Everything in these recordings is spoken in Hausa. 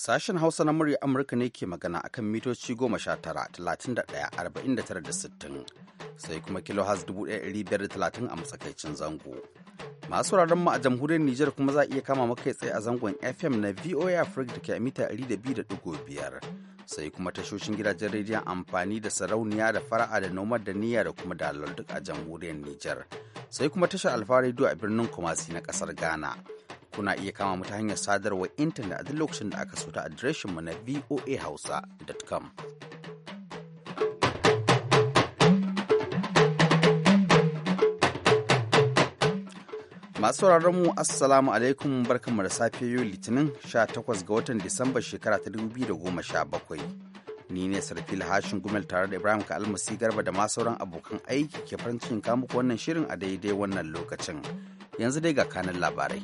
Sashen Hausa na murya Amurka ne ke magana akan mitoci goma sha tara, talatin da ɗaya, da tara da sittin, sai kuma kilohaz dubu ɗaya ɗari biyar da talatin a matsakaicin zango. Masu wuraren mu a jamhuriyar Nijar kuma za a iya kama maka tsaye a zangon FM na VOA Africa da ke mita ɗari da biyu Sai kuma tashoshin gidajen rediyon amfani da sarauniya da fara'a da nomad da niyya da kuma dalol duk a jamhuriyar Nijar. Sai kuma tashar Alfa a birnin Kumasi na kasar Ghana. kuna iya kama mu ta hanyar sadarwar intanet a duk lokacin da aka so ta adireshin mu na voahausa.com. Masu mu Assalamu alaikum barkanmu da safe yau Litinin 18 ga watan Disamba shekara ta 2017. Ni ne Sarfil Hashin Gumel tare da Ibrahim Kalmasi Garba da ma sauran abokan aiki ke farin cikin muku wannan shirin a daidai wannan lokacin. Yanzu dai ga kanan labarai.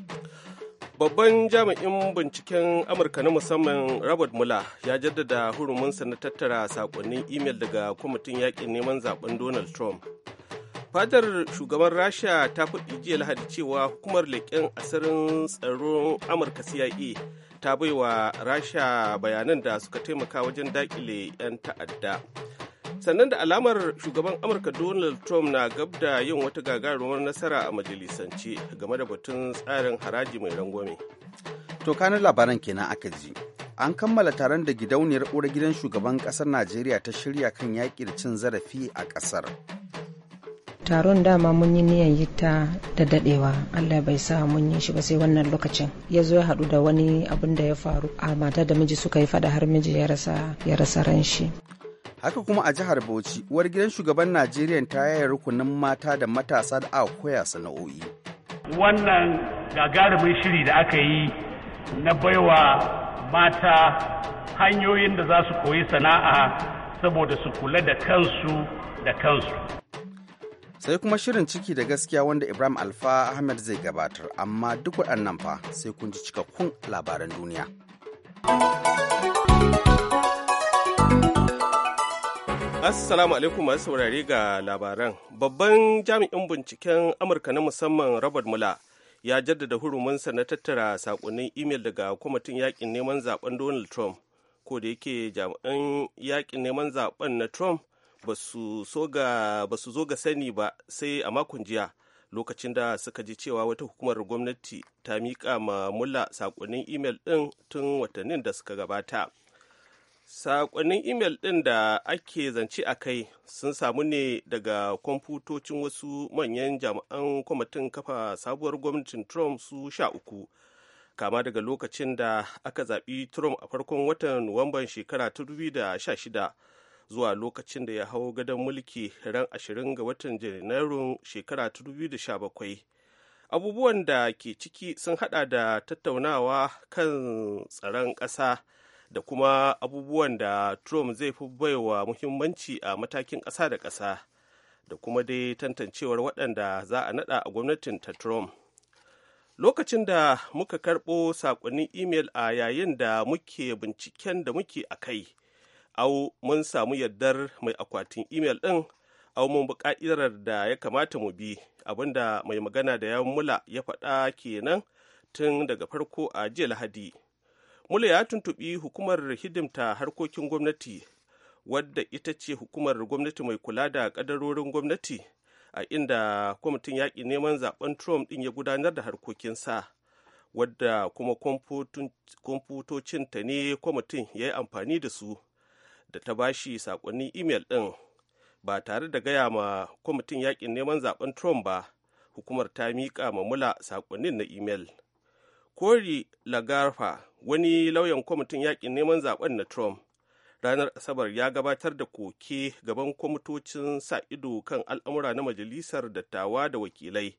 babban jami'in binciken amurka na musamman robert mueller ya jaddada hurumunsa na tattara sakonnin imel daga kwamitin yakin neman zaben donald trump fadar shugaban rasha ta faɗi jiya lahadi cewa hukumar leƙen asirin tsaron amurka cia ta baiwa rasha bayanan da suka taimaka wajen daƙile 'yan ta'adda sannan da alamar shugaban amurka donald trump na gab da yin wata gagarumar nasara a majalisance game da batun tsarin haraji mai rangwame to kanin labaran kenan aka ji an kammala taron da gidauniyar ƙura gidan shugaban ƙasar najeriya ta shirya kan yaƙi da cin zarafi a ƙasar taron dama mun yi niyan yi ta da dadewa allah bai sa mun yi shi ba sai wannan lokacin ya zo ya haɗu da wani abin da ya faru a mata da miji suka yi fada har miji ya rasa ya rasa ran shi haka kuma a jihar bauchi uwar gidan shugaban najeriya ta yaya rukunin mata da matasa da aka koya sana'o'i wannan gagarumin shiri da aka yi na baiwa mata hanyoyin da za su koyi sana'a saboda su kula da kansu da kansu sai kuma shirin ciki da gaskiya wanda ibrahim alfa ahmed zai gabatar amma duk waɗannan fa sai kun ji cikakkun labaran duniya Assalamu alaikum masu saurare ga labaran. Babban jami'in binciken Amurka na musamman Robert mula ya jaddada hurumunsa na tattara sakonnin imel daga kwamitin yakin neman zaben Donald Trump. Ko da yake jami'an yakin neman zaben na Trump ba su zo ga sani ba sai a makon jiya lokacin da suka ji cewa wata hukumar gwamnati ta miƙa ma Mula sakonnin imel ɗin tun watannin da suka gabata. saƙonnin imel ɗin da ake zance a kai sun samu ne daga kwamfutocin wasu manyan jami'an kwamitin kafa sabuwar gwamnatin trump su sha uku kama daga lokacin da aka zaɓi trump a farkon watan nuwamban shekara ta 2016 zuwa lokacin da ya hau gadon mulki ran ashirin ga watan janairun shekara ta 2017 abubuwan da ke ciki sun haɗa da tattaunawa kan tsaron ƙasa da kuma abubuwan da trump zai fi baiwa muhimmanci a matakin ƙasa da ƙasa da kuma dai tantancewar waɗanda za a naɗa a gwamnatin ta trump lokacin da muka karɓo saƙonnin imel a yayin da muke binciken da muke a kai au mun samu yardar mai akwatin imel ɗin au mun buƙa'irar da ya kamata mu bi abinda mai magana da ya mula ya faɗa kenan tun daga farko a jiya lahadi Mula ya tuntuɓi hukumar hidimta harkokin gwamnati wadda ita ce hukumar gwamnati mai kula da ƙadarorin gwamnati a inda kwamitin yaƙi neman zaben Trump ɗin ya gudanar da harkokinsa wadda kuma kwamfutocinta ne kwamitin ya yi amfani da su da ta bashi sakonni imel ɗin ba tare da gaya ma kwamitin yaƙin neman zaben Trump ba hukumar ta miƙa ma mula saƙonnin na imel. Cory Lagarfa wani lauyan kwamitin yakin neman zaben na Trump ranar Asabar ya gabatar da koke gaban kwamitocin sa ido kan al'amura na majalisar dattawa da wakilai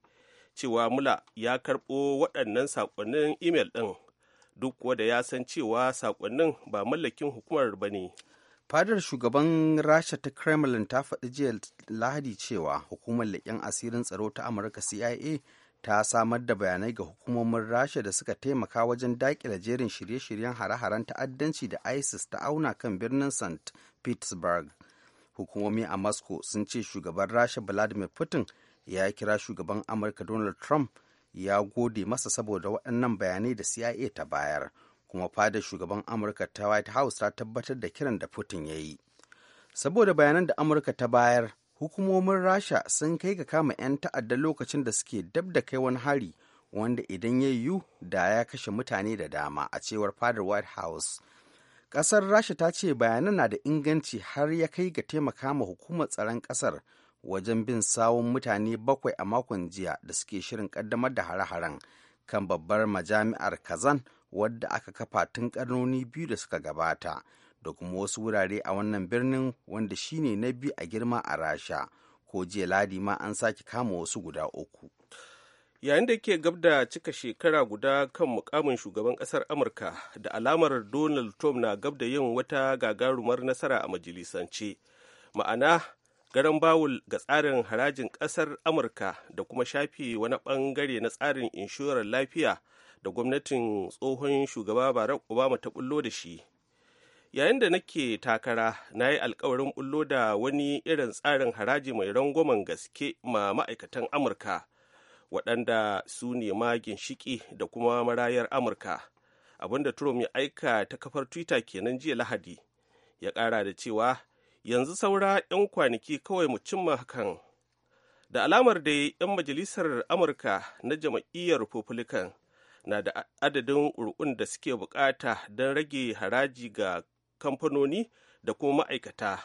cewa mula ya karɓo waɗannan saƙonnin imel ɗin duk kuwa da ya san cewa saƙonnin ba mallakin hukumar ba ne. fadar shugaban rasha ta kremlin ta faɗi jiya lahadi cewa hukumar leƙen asirin tsaro ta amurka cia ta samar da bayanai ga hukumomin rasha da suka taimaka wajen daƙile jerin shirye-shiryen hare-haren ta'addanci da isis ta auna kan birnin st petersburg hukumomi a moscow sun ce shugaban rasha vladimir putin ya kira shugaban amurka donald trump ya gode masa saboda waɗannan bayanai da cia ta bayar kuma fadar shugaban amurka ta white house ta tabbatar da kiran da putin ya yi saboda bayanan da amurka ta bayar hukumomin rasha sun kai ga kama 'yan ta'adda lokacin da suke dab da kai wani hari wanda idan ya yiwu da ya kashe mutane da dama a cewar fadar white house Ƙasar rasha ta ce bayanan na da inganci har ya kai ga taimaka ma hukumar tsaron ƙasar wajen bin sawun mutane bakwai a makon jiya da suke shirin ƙaddamar da hare-haren kan babbar majami'ar kazan wadda aka kafa tun ƙarnoni biyu da suka gabata da kuma wasu wurare a wannan birnin wanda shine na biyu a girma a rasha ko jiya ladi ma an sake kama wasu guda uku yayin da ke gab da cika shekara guda kan mukamin shugaban kasar amurka da alamar donald trump na gab da yin wata gagarumar nasara a majalisance ma'ana garan bawul ga tsarin harajin kasar amurka da kuma shafi wani bangare na tsarin inshorar lafiya da gwamnatin tsohon shugaba barack obama ta bullo da shi yayin da nake takara na yi alkawarin bullo da wani irin tsarin haraji mai rangwamen gaske ma ma'aikatan amurka waɗanda su ne ma ginshiki da kuma marayar amurka abinda trump ya aika ta kafar twitter kenan jiya lahadi ya ƙara da cewa yanzu saura 'yan kwanaki kawai mu cimma hakan da alamar da 'yan majalisar amurka na jam'iyyar republican na da adadin ƙuri'un da suke bukata don rage haraji ga kamfanoni da kuma ma'aikata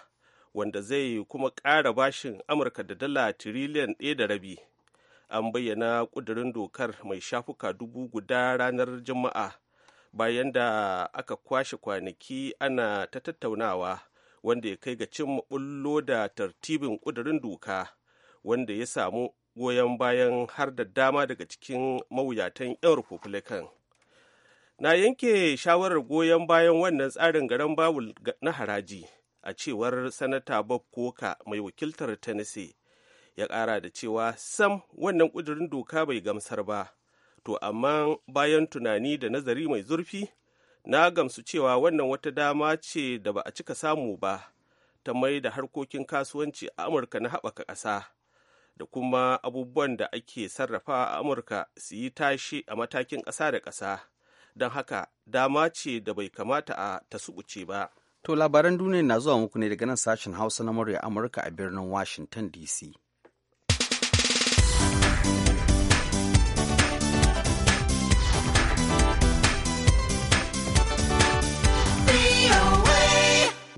wanda zai kuma ƙara bashin amurka da dala tiriliyan ɗaya da rabi an bayyana ƙudurin dokar mai shafuka dubu guda ranar juma'a bayan da aka kwashe kwanaki ana ta tattaunawa wanda ya kai ga cin bullo da tartibin ƙudurin doka wanda ya samu goyon bayan har da dama daga cikin mawuyatan 'yan republican na yanke shawarar goyon bayan wannan tsarin garan bawul na haraji a cewar sanata bob koka mai wakiltar tennessee ya ƙara da cewa sam wannan ƙudurin doka bai gamsar ba to amma bayan tunani da nazari mai zurfi na gamsu cewa wannan wata dama ce da ba a cika samu ba ta mai da harkokin kasuwanci a amurka na haɓaka ƙasa da kuma abubuwan da ake sarrafa a amurka su yi tashi a matakin ƙasa da ƙasa don haka dama ce da bai kamata a ta suɓuce ba to labaran duniya na zuwa muku ne daga nan sashen hausa na murya amurka a birnin washington dc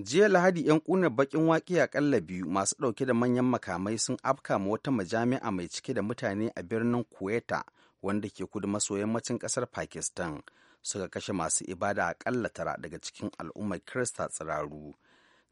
jiya lahadi 'yan baƙin bakin waki ƙalla biyu masu ɗauke da manyan makamai sun afka ma wata majami'a mai cike da mutane a birnin kuwaita wanda ke kudu maso yammacin ƙasar pakistan suka kashe masu ibada aƙalla tara daga cikin al'ummar Kirista tsiraru.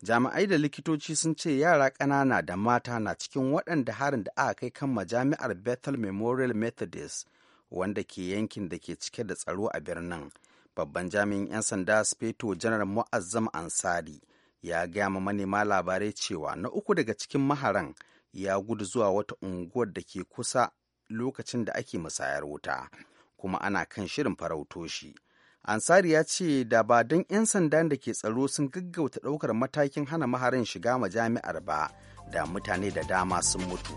Jami'ai da likitoci sun ce yara ƙanana da mata na cikin waɗanda harin da aka kai kan majami'ar Bethel Memorial Methodist wanda ke yankin da ke cike da tsaro a birnin. Babban jami'in 'yan sanda Speto Janar Mu'azzam Ansari ya gaya ma manema labarai cewa na uku daga cikin maharan ya gudu zuwa wata unguwar da ke kusa lokacin da ake musayar wuta. kuma ana kan shirin farauto shi. Ansari ya ce da ba don 'yan sanda da ke tsaro sun gaggauta ɗaukar matakin hana maharin shiga ma jami'ar ba da mutane da dama sun mutu.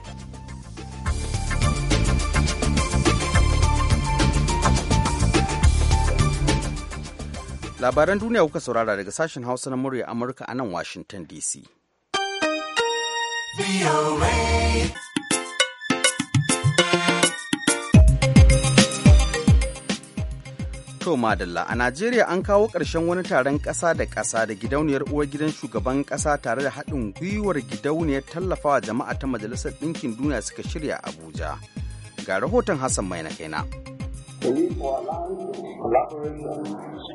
Labaran duniya kuka saurara daga sashen Hausa na murya Amurka a nan Washington DC. To Madalla, a Najeriya an kawo ƙarshen wani taron ƙasa da ƙasa da gidauniyar uwar gidan shugaban ƙasa tare da haɗin gwiwar gidauniyar tallafawa jama'a ta Majalisar Ɗinkin Duniya suka shirya Abuja. Ga rahoton Hassan Mai na kaina.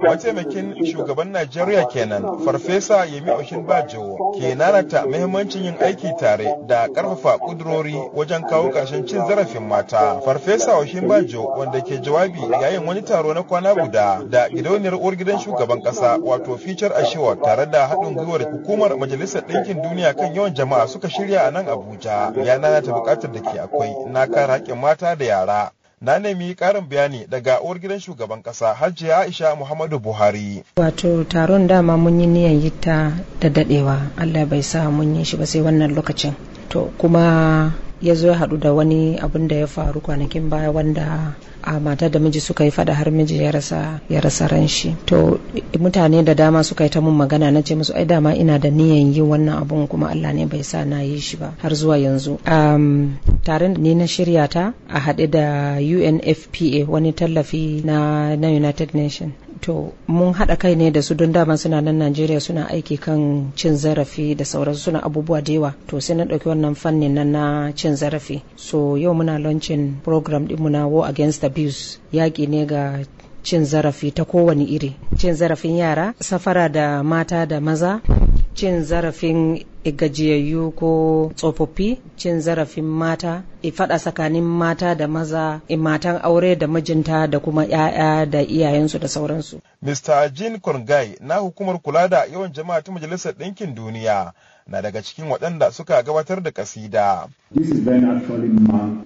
Mataimakin shugaban Najeriya kenan, Farfesa Yemi bajewo ke nanata muhimmancin yin aiki tare da ƙarfafa ƙudurori wajen kawo ƙarshen cin zarafin mata. Farfesa Bajo, wanda ke jawabi yayin wani taro na kwana guda da gidauniyar uwar gidan shugaban ƙasa wato Future Ashewa tare da haɗin gwiwar hukumar Majalisar Ɗinkin Duniya kan yawan jama'a suka shirya a nan Abuja. Ya nanata buƙatar da ke akwai na kare haƙƙin mata da yara. na nemi karin bayani daga uwar gidan shugaban kasa hajiya aisha muhammadu buhari wato taron dama mun yi niyan yi ta da dadewa allah bai sa mun yi shi ba sai wannan lokacin to kuma ya zo ya haɗu da wani abin da ya faru kwanakin baya wanda a mata da miji suka yi fada har miji ya rasa ya rasa ran shi to mutane da dama suka yi ta mun magana na ce musu ai dama ina da niyan yi wannan abun kuma Allah ne bai sa na yi shi ba har zuwa yanzu um, ni ne na shirya ta a haɗe da UNFPA wani tallafi na na United Nations to mun haɗa kai ne da su don daman suna nan najeriya suna aiki kan cin zarafi da sauran suna abubuwa da yawa to sai na ɗauki wannan fannin nan na cin zarafi so yau muna launching program ɗinmu na war against abuse yaƙi ne ga cin zarafi ta kowane iri cin zarafin yara safara da mata da maza cin zarafin gajiyayyu ko tsofaffi cin zarafin mata faɗa tsakanin mata da maza matan aure da mijinta da kuma 'ya'ya da iyayensu da sauransu. Mr. Jean Kongai na hukumar kula da yawan jama'a ta Majalisar Ɗinkin Duniya na daga cikin waɗanda suka gabatar da kasida. This is then actually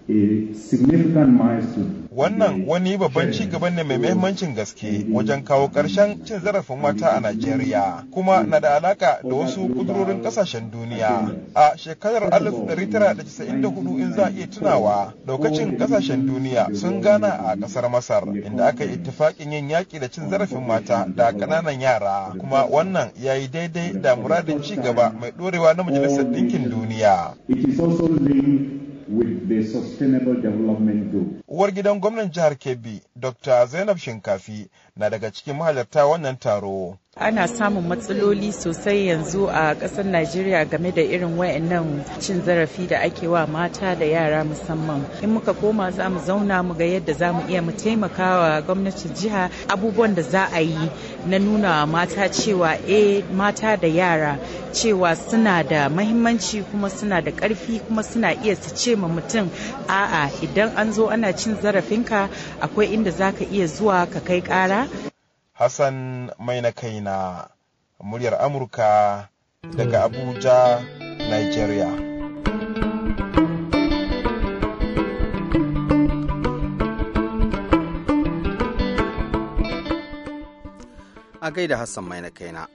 a significant milestone Wannan eh. wani babban eh. ci gaba ne mai muhimmancin gaske wajen kawo ƙarshen cin zarafin mata a Najeriya, kuma na da alaka da wasu kudurorin ƙasashen duniya. A shekarar 1994 in za a iya tunawa, daukacin ƙasashen duniya sun gana a ƙasar Masar, inda aka yi ittifaƙin yin yaƙi da cin zarafin mata da ƙananan yara, kuma wannan ya yi daidai da muradin ci gaba mai ɗorewa na Majalisar Ɗinkin Duniya. with the sustainable development goal. Uwar gidan gwamnan jihar Kebbi, Dr. Zainab Shinkafi, na daga cikin mahalarta wannan taro. ana samun matsaloli sosai yanzu a ƙasar najeriya game da irin wayannan cin zarafi da ake wa mata da yara musamman in muka koma za mu zauna mu ga yadda za mu iya mu taimakawa gwamnatin jiha abubuwan da za a yi na nuna mata cewa e mata da yara cewa suna da mahimmanci kuma suna da ƙarfi kuma suna iya su ce ma mutum a'a idan an zo ana cin zarafinka akwai inda za ka iya zuwa ka kai ƙara Hassan mai muryar Amurka daga hmm. Abuja, Nigeria. a gaida Hassan mai kaina.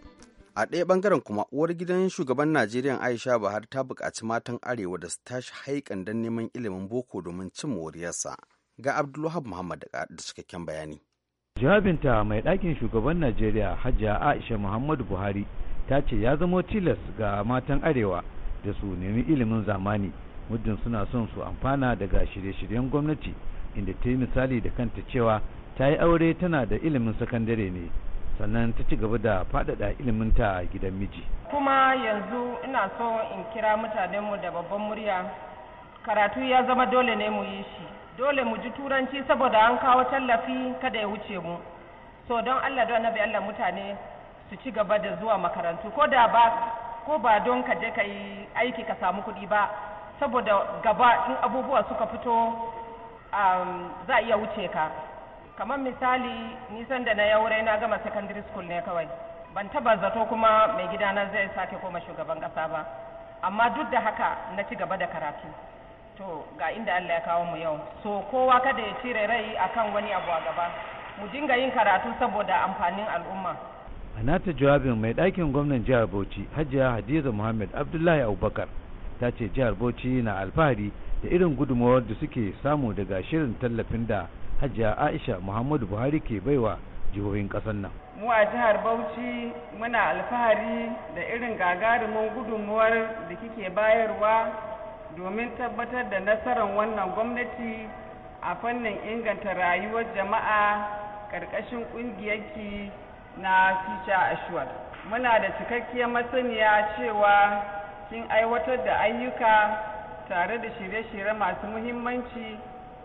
A ɗaya ɓangaren kuma uwar gidan shugaban Najeriya Aisha Buhari ta buƙaci matan Arewa da su tashi haikan don neman ilimin boko domin cin moriyarsa. Ga Abdulwahab Muhammad da cikakken bayani. jawabinta mai ɗakin shugaban najeriya hajiya aisha muhammadu buhari ta ce ya zama tilas ga matan arewa da su nemi ilimin zamani muddin suna son su amfana daga shirye-shiryen gwamnati inda ta yi misali da kanta cewa ta yi aure tana da ilimin sakandare ne sannan ta ci gaba da faɗaɗa ilimin ta gidan miji kuma yanzu ina so in kira mutanenmu da babban murya karatu ya zama dole ne mu yi shi dole mu ji turanci saboda an kawo tallafi kada ya wuce mu so don allah don annabi allah mutane su ci gaba da zuwa makarantu ko da ba ko ba don ka je ka yi aiki ka samu kuɗi ba saboda gaba in abubuwa suka fito um, za a iya wuce ka kamar misali nisan da na yaure na gama secondary school ne kawai ban taba zato kuma mai gidana zai sake koma shugaban ƙasa ba amma duk da haka na ci gaba da karatu to ga inda Allah ya kawo mu yau so kowa kada ya cire rai akan wani abu a gaba mu dinga yin karatu saboda amfanin al'umma a nata jawabin mai ɗakin gwamnan jihar bauchi hajiya hadiza muhammad abdullahi abubakar ta ce jihar bauchi na alfahari da irin gudunmawar da suke samu daga shirin tallafin da hajiya aisha muhammadu buhari ke baiwa jihohin ƙasar nan mu a jihar bauchi muna alfahari da irin gagarumin gudunmawar da kike bayarwa domin tabbatar da nasarar wannan gwamnati a fannin inganta rayuwar jama'a ƙarƙashin ƙungiyarki na Future Assured. Muna da cikakkiyar masaniya cewa kin aiwatar da ayyuka tare da shirye-shirye masu muhimmanci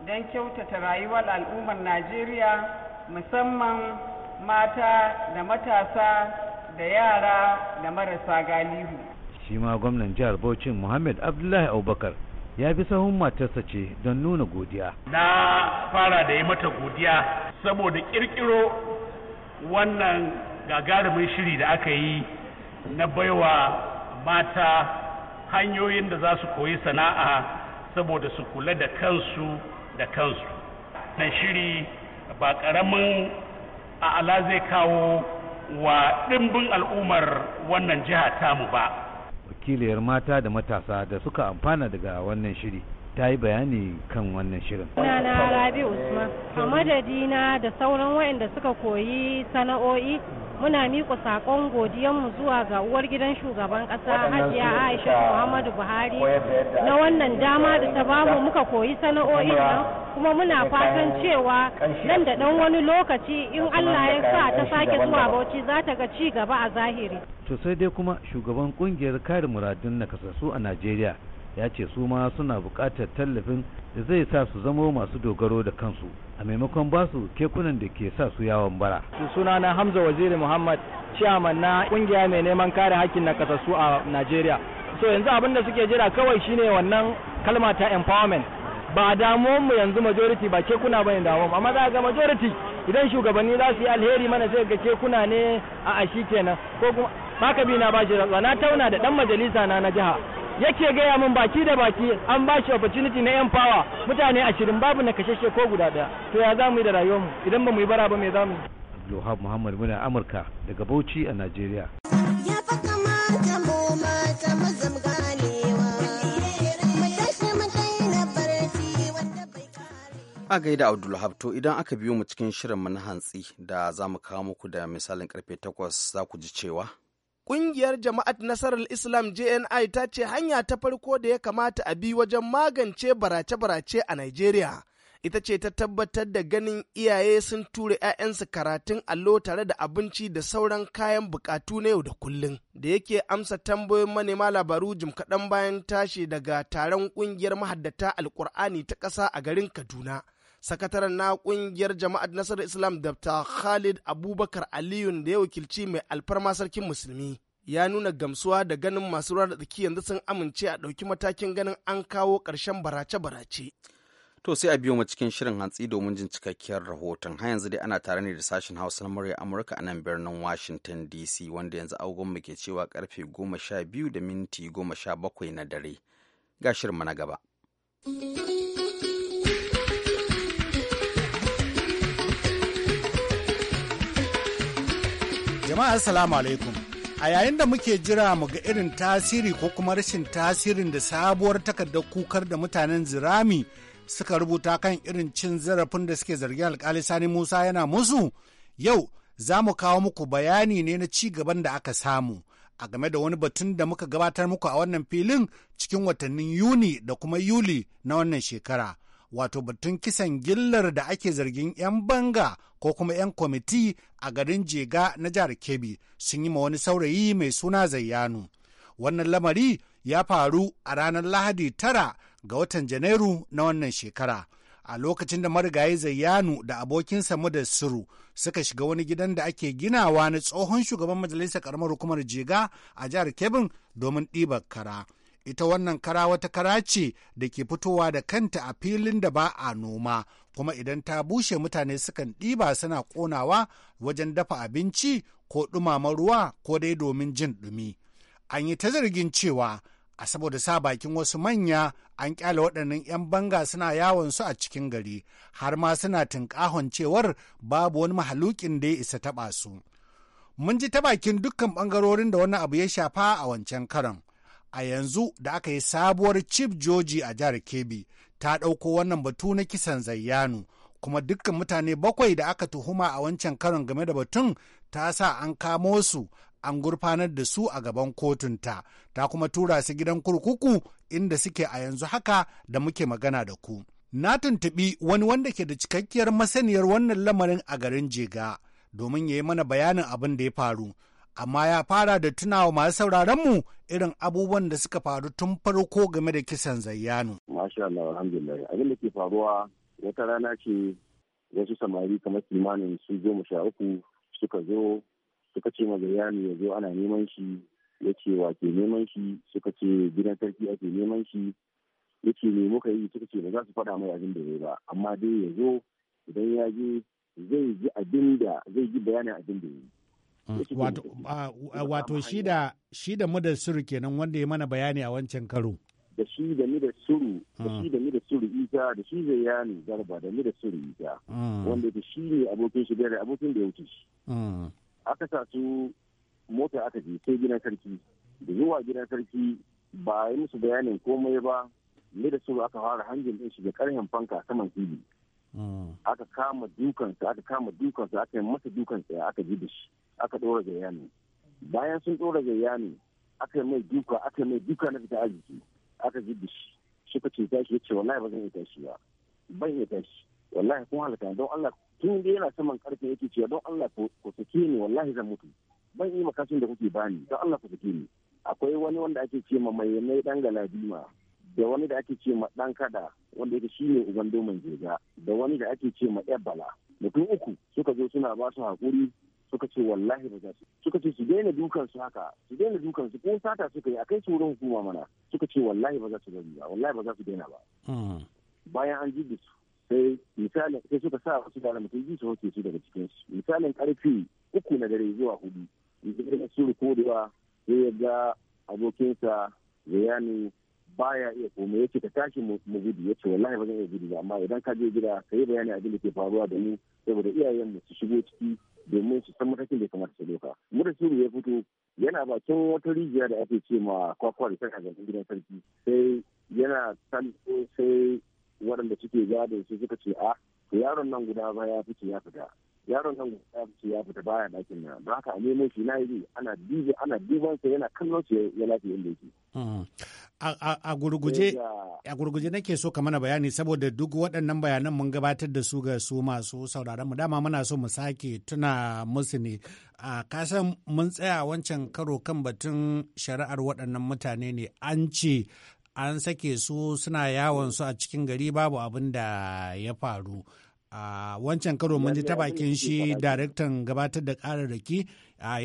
don kyautata rayuwar al'ummar Najeriya musamman mata da matasa da yara da marasa galihu. shi ma gwamnan jihar Bauchi Muhammad Abdullahi Abubakar ya bi sahun matarsa ce don nuna godiya. Na fara da yi mata godiya saboda kirkiro wannan gagarumin shiri da aka yi na baiwa mata hanyoyin da za su koyi sana'a saboda su kula da kansu da kansu. Nan shiri ba ƙaramin a'ala zai kawo wa ɗimbin al'ummar wannan jiha tamu ba. wakiliyar mata da matasa da suka amfana daga wannan shiri ta yi bayani kan wannan shirin. na Rabi Usman, a madadina da sauran waɗanda suka koyi sana'o'i muna miƙa saƙon godiyanmu zuwa ga uwar gidan shugaban ƙasa Hajiya Aisha Muhammadu Buhari na wannan dama da ta bamu muka koyi sana'o'i kuma muna fatan cewa nan da dan wani lokaci in Allah ya sa ta sake zuwa Bauchi za ta ga ci gaba a zahiri. To sai dai kuma shugaban kungiyar kare muradun nakasassu a Najeriya ya ce su ma suna buƙatar tallafin da zai sa su zamo masu dogaro da kansu a maimakon ba su kekunan da ke sa su yawon bara. Sunana Hamza Waziri Muhammad ciyaman na kungiya mai neman kare hakkin nakasassu a Najeriya. So yanzu abin da suke jira kawai shine wannan kalma ta empowerment ba a mu yanzu majority ba ke kuna bane damuwan amma za ga majority idan shugabanni za su yi alheri mana sai ga ke kuna ne a ashi kenan ko kuma baka bi na bashi rantsuwa na tauna da dan majalisa na na jiha yake gaya min baki da baki an ba shi opportunity na yan power mutane ashirin babu na kashashe ko guda daya to ya za mu yi da rayuwarmu idan ba mu yi bara ba me za mu yi. Abdulwahab Muhammad muna Amurka daga Bauchi a Najeriya. a gaida Abdulhab to idan aka biyo mu cikin shirinmu na hantsi da za mu kawo muku da misalin karfe takwas za ku ji cewa. Ƙungiyar Jama'at Nasarar Islam JNI ta ce hanya ta farko da ya kamata a bi wajen magance barace-barace a Najeriya. Ita ce ta tabbatar da ganin iyaye sun ture 'ya'yansu karatun allo tare da abinci da sauran kayan bukatu na yau da kullum. Da yake amsa tambayoyin manema labaru jim kaɗan bayan tashi daga taron ƙungiyar mahaddata alkur'ani ta ƙasa a garin Kaduna. sakataren na kungiyar jama'ar nasarar islam dr khalid abubakar aliyun da ya wakilci mai alfarma sarkin musulmi ya nuna gamsuwa da ganin masu ruwa da tsaki yanzu sun amince a ɗauki matakin ganin an kawo ƙarshen barace-barace to sai a biyo mu cikin shirin hantsi domin jin cikakkiyar rahoton har yanzu dai ana tare ne da sashen hausa na murya amurka a nan birnin washington dc wanda yanzu agogon mu ke cewa karfe goma sha biyu da minti goma sha bakwai na dare ga shirin na gaba Jama'a assalamu alaikum. A yayin da muke jira mu ga irin tasiri ko kuma rashin tasirin da sabuwar takardar kukar da mutanen zirami suka rubuta kan irin cin zarafin da suke zargin alkali Sani Musa yana musu, yau za mu kawo muku bayani ne na ci gaban da aka samu. a game da wani batun da muka gabatar muku a wannan filin cikin watannin Yuni da kuma Yuli na wannan shekara. wato batun kisan gillar da ake zargin 'yan banga ko kuma 'yan kwamiti a garin jega na jihar kebbi sun yi ma wani saurayi mai suna zayyanu wannan lamari ya faru a ranar lahadi tara ga watan janairu na wannan shekara a lokacin da marigayi zayyanu da abokinsa da suru suka shiga wani gidan da ake ginawa na tsohon shugaban majalisar karamar hukumar jega a jihar kebin domin ɗibar kara ita wannan kara wata kara ce da ke fitowa da kanta a filin da ba a noma kuma idan ta bushe mutane sukan ɗiba suna ƙonawa wajen dafa abinci ko ɗumama ruwa ko dai domin jin ɗumi an yi ta zargin cewa a saboda sa bakin wasu manya an kyale waɗannan 'yan banga suna yawon su a cikin gari har ma suna tunƙahon cewar babu wani mahalukin da ya isa taɓa su mun ji ta bakin dukkan ɓangarorin da wani abu ya shafa a wancan karan a yanzu da aka yi sabuwar Chief Joji a jihar Kebbi ta ɗauko wannan batu na kisan zayyanu kuma dukkan mutane bakwai da aka tuhuma a wancan karon game da batun ta sa an kamo su an gurfanar da su a gaban kotunta ta kuma tura su gidan kurkuku inda suke a yanzu haka da muke magana da ku. Na tuntuɓi wani wanda ke da cikakkiyar masaniyar wannan lamarin a garin Jega domin ya yi mana bayanin abin da ya faru. amma ya fara da tunawa masu sauraronmu irin abubuwan da suka faru tun farko game da kisan zayyanu. Masha Allah, alhamdulillah. Abin da ke faruwa wata rana ce wasu samari kamar kimanin su mu sha uku suka zo suka ce ma zayyanu ya zo ana neman shi ya ce wa ke neman shi suka ce gidan sarki ake neman shi ya ce me muka yi suka ce ba za su faɗa mai abin da ya ba amma dai ya zo idan ya je zai ji abin da zai ji bayanin abin da ya yi. Mm. Wato ah, ah, shi da mu da suru kenan wanda ya mana bayani a wancan karo. Da shi da mi da suru, da mm. shi da mi da suru isa, da shi da yani garba da mi da suru isa. Mm. Wanda da shi ne abokin shi da abokin da ya wuce shi. Aka sa su mota aka je sai gidan sarki. Da zuwa gidan sarki ba a yi musu bayanin komai ba, mi da suru aka fara hanjin din shi da karyan fanka saman fili. aka kama dukansa aka kama dukansa aka yi masa dukansa aka ji da shi aka ɗora gayya ne bayan sun ɗora gayya ne aka mai duka aka mai duka na fita arziki aka zubi shi suka ce tashi ya ce wallahi ba zan iya tashi ba ban iya tashi wallahi kun halaka don Allah tun da yana saman karfe yake cewa don Allah ko sake ni wallahi zan mutu ban yi makasin da kuke bani don Allah ku sake ni akwai wani wanda ake ce ma mai mai dan galadima da wani da ake ce ma dan kada wanda yake shine uban domin jirga da wani da ake ce ma ebala mutum uku suka zo suna ba su hakuri suka ce wallahi ba za su suka ce su daina dukan su haka su daina dukan su ko sata suka yi akai su wurin hukuma mana suka ce wallahi ba za su bari ba wallahi ba za su daina ba hmm. bayan an da su sai misalin sai suka sa wasu da mutum ji su hoke su daga cikin su misalin karfe uku na dare zuwa hudu idan su rikodewa sai ya ga abokinsa zayani baya iya komai yake ka tashi mu gudu yace wallahi ba zan iya gudu ba amma idan ka je gida ka yi bayani abin da ke faruwa da mu saboda iyayen mu su shigo ciki domin su san matakin da ya kamata su doka mura shiru ya fito yana ba bakin wata rijiya da ake ce ma kwakwa da tana zancen gidan sarki sai yana salto sai waɗanda suke gado su suka ce a ah, yaron nan guda ba ya fice ya fita yaron nan guda ya fice ya fita baya ɗakin nan ba haka a nemo shi na yi ana duban sa yana kallon shi ya lafiya ya yake hmm. a gurguje nake so ka mana bayani saboda duk waɗannan bayanan mun gabatar da su ga su masu sauraron mu dama muna so mu sake tuna musu ne a kasan mun tsaya wancan karo kan batun shari'ar waɗannan mutane ne an ce an sake su suna yawon su a cikin gari babu abin da ya faru a wancan karo mun ji ta bakin shi daraktan gabatar da kararraki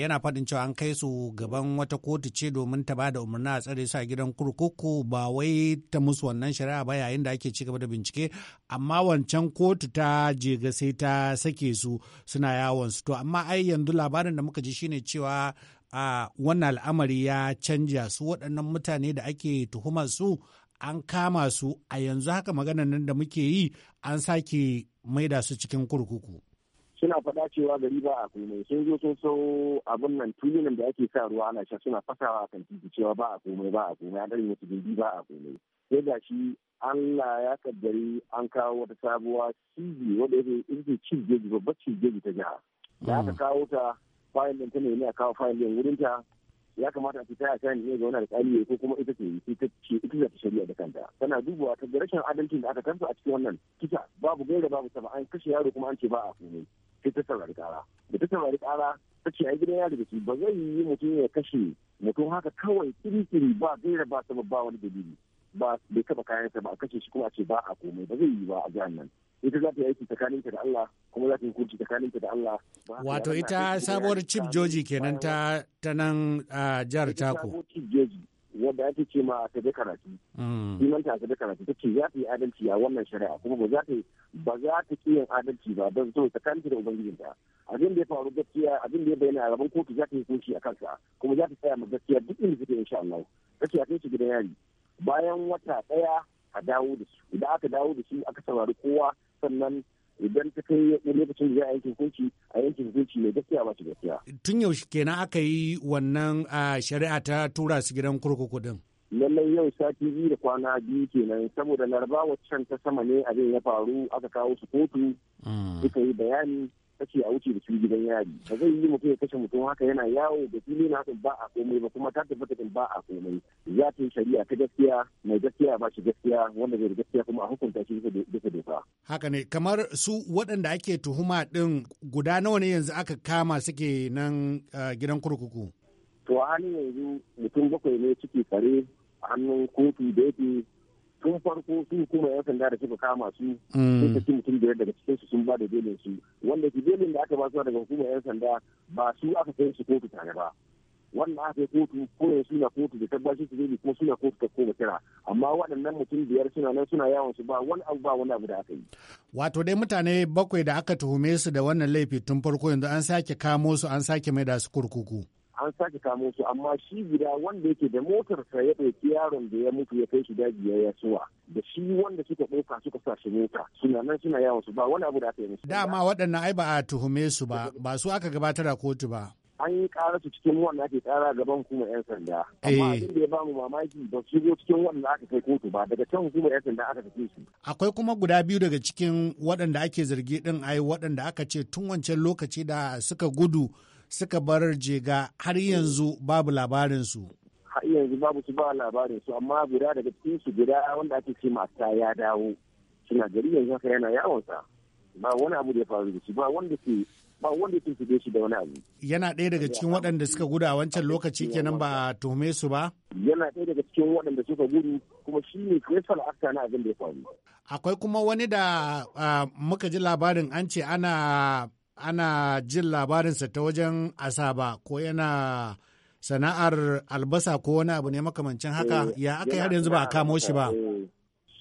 yana faɗin cewa an kai su gaban wata kotu ce domin ta bada umarni a tsare sa gidan kurkuku ba wai ta musu wannan shari'a ba yayin da ake cigaba da bincike amma wancan kotu ta je ga sai ta sake su suna yawon su to amma ai yanzu labarin da muka ji shine cewa a wannan al'amari ya canja su waɗannan mutane da ake tuhumar su an kama su a yanzu haka maganar nan da muke yi an sake maida su cikin kurkuku. Suna faɗa cewa gari ba a komai sun zo sun sau abin nan tulunan da ake sa ruwa ana sha suna fasawa kan titi cewa ba a komai ba a komai an musu gindi ba a komai. Sai da shi Allah ya kaddari an kawo wata sabuwa cibi wadda yake cin cibi babbar cibi ta jiha. Da aka mm. kawo ta fayil ɗin ta ne a kawo fayil ɗin wurinta ya kamata a fita a ta ne ga wani alƙali ko kuma ita ce ita ce ita ce shari'a da kanta tana dubawa ta rashin adalcin da aka tarsa a cikin wannan kisa babu gaira babu sama an kashe yaro kuma an ce ba a komai sai ta saurari kara da ta saurari kara ta ce gida gidan yaro da shi ba zai yi mutum ya kashe mutum haka kawai kiri ba gaira ba sabab ba wani dalili ba bai kaba kayansa ba a kashe shi kuma a ce ba a komai ba zai yi ba a jihar nan ita za ta yi aiki tsakaninta da Allah kuma za ta yi hukunci tsakaninta da Allah. Wato ita sabuwar Chief Joji kenan ta ta nan a jihar Tako. Sabuwar Joji wanda ake ce ma ta da karatu. Iman mm. ta da karatu ta ce za yi adalci a wannan shari'a kuma ba za ta ba za ta ki yin adalci ba don so tsakaninta da ubangijinta. Abin da ya faru gaskiya abin da ya bayyana a gaban kotu za ta yi kunshi a kansa kuma za ta tsaya ma gaskiya duk inda suke insha Allah. Kace a kai gidan yari bayan wata daya a dawo da su idan aka dawo da su aka saurari kowa sannan idan ta kai lokacin da za a yanke hukunci a yanke hukunci mai gaskiya ba su gaskiya. Tun yaushe kenan aka yi wannan shari'a ta tura su gidan kurkuku din. Lallai yau sati biyu da kwana biyu kenan saboda laraba can ta sama ne abin ya faru aka kawo su kotu mm. suka yi bayani kace a wuce da gidan yari ba zai yi mutum ya kashe mutum haka yana yawo da fili na hakan ba a komai ba kuma ta tabbata din ba a komai ya ce shari'a ta gaskiya mai gaskiya ba shi gaskiya wanda zai gaskiya kuma a hukunta shi bisa doka haka ne kamar su waɗanda ake tuhuma ɗin guda nawa ne yanzu aka kama suke nan gidan kurkuku to a halin yanzu mutum bakwai ne ciki tsare hannun kofi da yake tun farko su kuma yan sanda da suka kama su mm. suka ci mutum biyar daga cikin su sun ba da belin su wanda ki belin da aka ba su daga hukumar yan sanda ba su aka kai su kotu tare ba wannan aka yi kotu ko ya suna kotu da tabbacin su zai kuma suna kotu ta koma kira amma waɗannan mutum biyar suna nan suna yawon su ba wani abu ba wani abu da aka yi. wato dai mutane bakwai da aka tuhume su da wannan laifi tun farko yanzu an sake kamo su an sake maida su kurkuku. an sake kamo su amma shi gida wanda yake da motarsa ya ɗauki yaron da ya mutu ya kai shi daji ya yasuwa da shi wanda suka ɗauka suka sa shi mota suna nan suna yawon su ba wani abu da aka yi musu. dama waɗannan ai ba a tuhume su ba ba su aka gabatar a kotu ba. an yi ƙara su cikin wanda ake ƙara gaban kuma 'yan sanda. Amma eh. abin da ya bamu mamaki ba su shigo cikin wanda aka kai kotu ba daga can kuma 'yan sanda aka tafi su. Akwai kuma guda biyu daga cikin waɗanda ake zargi ɗin ai waɗanda aka ce tun wancan lokaci da suka gudu suka bar jega har yanzu babu labarinsu. Har yanzu babu su ba labarinsu amma guda daga cikin su guda wanda ake ce mata ya dawo. Suna gari yanzu haka yana yawonsa. Ba wani abu da ya faru da su ba wanda ke ba wanda ke shige shi da wani abu. Yana ɗaya daga cikin waɗanda suka gudu a wancan lokaci kenan ba a tuhume su ba? Yana ɗaya daga cikin waɗanda suka gudu kuma shi ne Crystal aska na abin da ya faru. Akwai kuma wani da ah, muka ji labarin an ce ana ana jin labarinsa ta wajen asaba ko yana sana'ar albasa ko wani abu ne makamancin haka eh, ya aka yi yanzu ba a kamo shi ba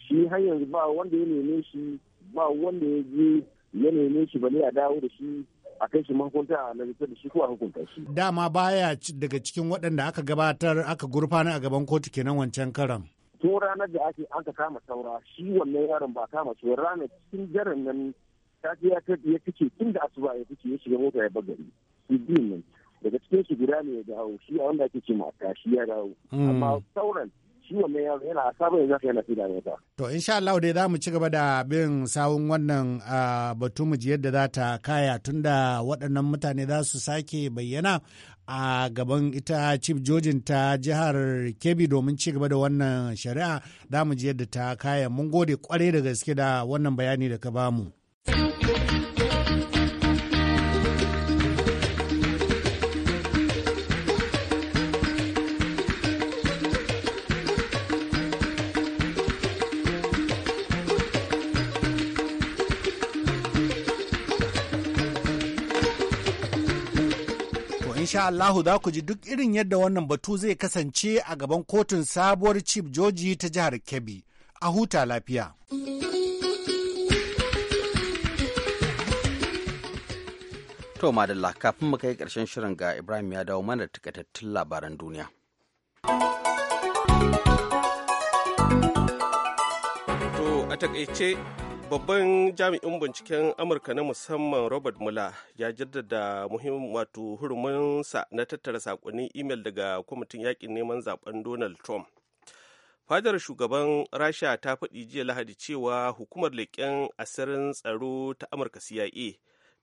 shi har yanzu ba wanda ya neme shi ba wanda ya je ya neme shi ba ne a dawo da shi a kai shi mahukunta a nazartar da shi ko a hukunta shi dama baya daga cikin waɗanda aka gabatar aka gurfana a gaban kotu kenan wancan karan tun ranar da ake an ka kama saura shi wannan yaron ba kama shi ranar cikin jaran nan ta je ya tafi ya fice tun da asuba ya fice ya shiga mota ya bagari su biyun nan daga cikin su guda ne ya dawo shi a wanda ake ce mata shi ya dawo hmm. amma sauran shi wannan yaro yana a sabon yanzu yana fi da ta. to insha Allah dai za mu ci gaba da bin sawun wannan batu mu ji yadda za ta kaya tunda waɗannan mutane za su sake bayyana a gaban ita chief jojin ta jihar kebbi domin ci gaba da wannan shari'a da mu ji yadda ta kaya mun gode kwarai da gaske da wannan bayani da ka bamu. insha Allahu za ku ji duk irin yadda wannan batu zai kasance a gaban kotun sabuwar Chief Joji ta jihar Kebbi. A huta lafiya. To madalla kafin mu kai karshen shirin ga Ibrahim ya dawo mana takaitattun labaran duniya. To a takaice babban jami'in binciken amurka na musamman robert mula ya jaddada muhimmin wato hurumunsa na tattara sakonnin imel daga kwamitin yakin neman zaben donald trump fadar shugaban rasha ta faɗi jiya lahadi cewa hukumar leƙen asirin tsaro ta amurka cia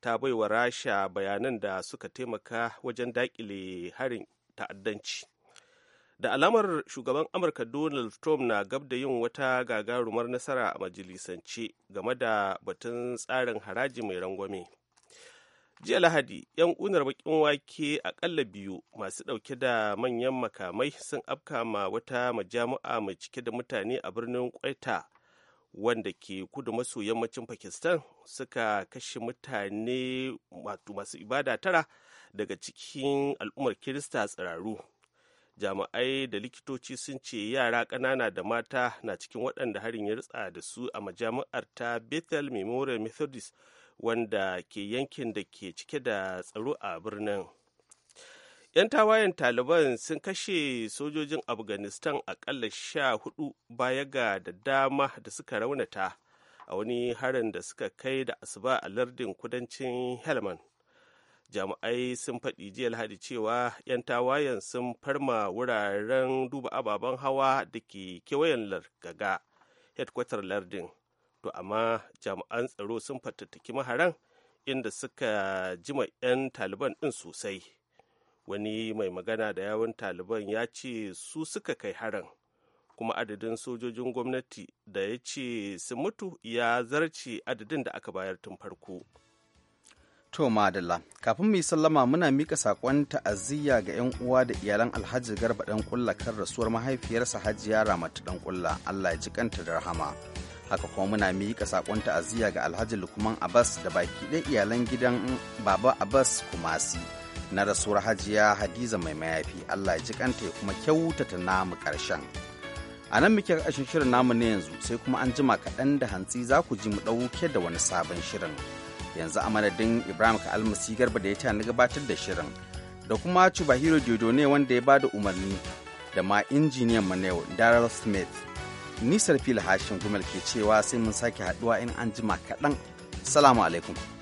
ta baiwa rasha bayanan da suka taimaka wajen daƙile harin ta'addanci da alamar shugaban amurka donald trump na gab da yin wata gagarumar nasara a majalisance game da batun tsarin haraji mai rangwame jiya lahadi yan kunar bakin wake akalla biyu masu dauke da manyan makamai sun afka ma wata majami'a mai cike da mutane a birnin kwaita wanda ke kudu maso yammacin pakistan suka kashe mutane masu ibada tara daga cikin al'ummar kirista tsiraru jami'ai da likitoci sun ce yara ƙanana da mata na cikin waɗanda harin ya ritsa da su a majami'ar ta bethel memorial methodist wanda ke yankin da ke cike da tsaro a birnin 'yan tawayen taliban sun kashe sojojin afghanistan aƙalla sha hudu baya ga da dama da suka raunata a wani harin da suka kai da asuba a lardin kudancin helmand jami'ai sun faɗi jiya lahadi cewa 'yan tawayen sun farma wuraren duba ababen hawa da ke kewayen largaga headquarter lardin to amma jami'an tsaro sun fatattaki maharan inda suka jima 'yan taliban ɗin sosai wani mai magana da yawon taliban ya ce su suka kai haran kuma adadin sojojin gwamnati da ya ce sun mutu ya zarce adadin da aka bayar tun farko. To madalla, kafin mu yi sallama muna mika sakon ta'aziyya ga 'yan uwa da iyalan Alhaji Garba dan kulla kan rasuwar mahaifiyarsa Hajiya Ramatu dan kulla, Allah ya ji kanta da rahama. Haka kuma muna mika sakon ta'aziyya ga Alhaji Lukman Abbas da baki ɗaya iyalan gidan Baba Abbas Kumasi na rasuwar Hajiya Hadiza mai mayafi, Allah ya ji kanta ya kuma kyautata namu ƙarshen. A nan muke ƙarshen shirin namu na yanzu sai kuma an jima kaɗan da hantsi za ku ji mu ɗauke da wani sabon shirin. yanzu a madadin ibrahim almasi garba da ya ta na gabatar da shirin da kuma cubahiro jodo ne wanda ya bada umarni da ma injiniyan manewa daryl smith nisar fil hashin gumel ke cewa sai mun sake haduwa in an jima kaɗan salamu alaikum